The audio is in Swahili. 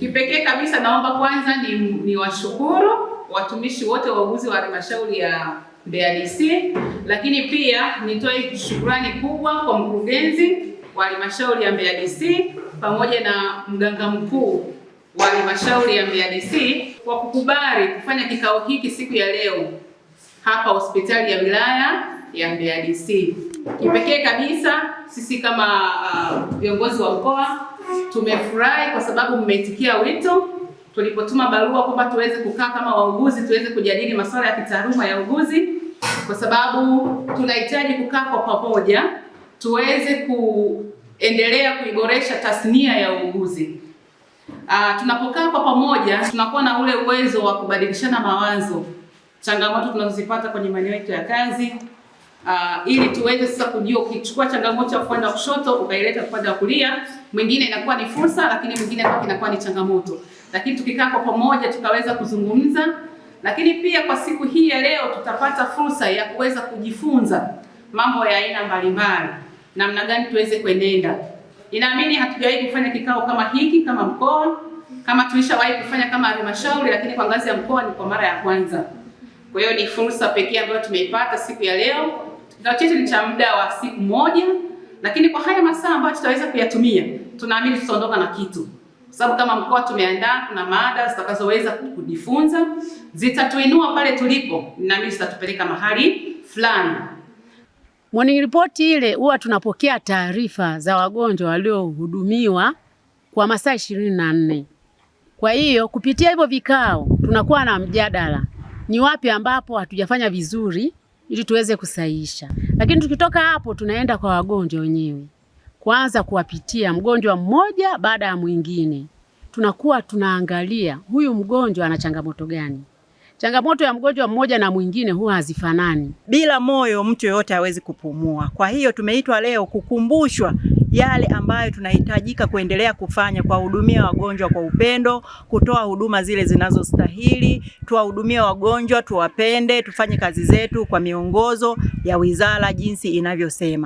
Kipekee kabisa naomba kwanza ni, ni washukuru watumishi wote wauguzi wa halmashauri ya Mbeya DC, lakini pia nitoe shukrani kubwa kwa mkurugenzi wa halmashauri ya Mbeya DC pamoja na mganga mkuu wa halmashauri ya Mbeya DC kwa kukubali kufanya kikao hiki siku ya leo hapa hospitali ya wilaya ya Mbeya DC. Kipekee kabisa sisi kama uh, viongozi uh, wa mkoa Tumefurahi kwa sababu mmeitikia wito tulipotuma barua kwamba tuweze kukaa kama wauguzi, tuweze kujadili masuala ya kitaaluma ya uguzi, kwa sababu tunahitaji kukaa kwa pamoja, tuweze kuendelea kuiboresha tasnia ya uuguzi. Uh, ah, tunapokaa kwa pamoja tunakuwa na ule uwezo wa kubadilishana mawazo, changamoto tunazozipata kwenye maeneo yetu ya kazi uh, ili tuweze sasa kujua ukichukua changamoto ya upande wa kushoto ukaileta upande wa kulia, mwingine inakuwa ni fursa, lakini mwingine inakuwa ni changamoto. Lakini tukikaa kwa pamoja tukaweza kuzungumza, lakini pia kwa siku hii ya leo tutapata fursa ya kuweza kujifunza mambo ya aina mbalimbali, namna gani tuweze kuenenda. Inaamini hatujawahi kufanya kikao kama hiki kama mkoa kama tulishawahi kufanya kama halmashauri, lakini kwa ngazi ya mkoa ni kwa mara ya kwanza. Kwa hiyo ni fursa pekee ambayo tumeipata siku ya leo kikao chetu ni cha muda wa siku moja, lakini kwa haya masaa ambayo tutaweza kuyatumia, tunaamini tutaondoka na kitu, sababu kama mkoa tumeandaa, kuna mada zitakazoweza kujifunza, zitatuinua pale tulipo, naamini zitatupeleka mahali fulani. Morning report ile huwa tunapokea taarifa za wagonjwa waliohudumiwa kwa masaa ishirini na nne. Kwa hiyo kupitia hivyo vikao tunakuwa na mjadala, ni wapi ambapo hatujafanya vizuri ili tuweze kusaisha. Lakini tukitoka hapo, tunaenda kwa wagonjwa wenyewe, kwanza kuwapitia mgonjwa mmoja baada ya mwingine, tunakuwa tunaangalia huyu mgonjwa ana changamoto gani. Changamoto ya mgonjwa mmoja na mwingine huwa hazifanani. Bila moyo mtu yoyote hawezi kupumua. Kwa hiyo tumeitwa leo kukumbushwa yale ambayo tunahitajika kuendelea kufanya, kuwahudumia wagonjwa kwa upendo, kutoa huduma zile zinazostahili, tuwahudumie wagonjwa, tuwapende, tufanye kazi zetu kwa miongozo ya wizara jinsi inavyosema.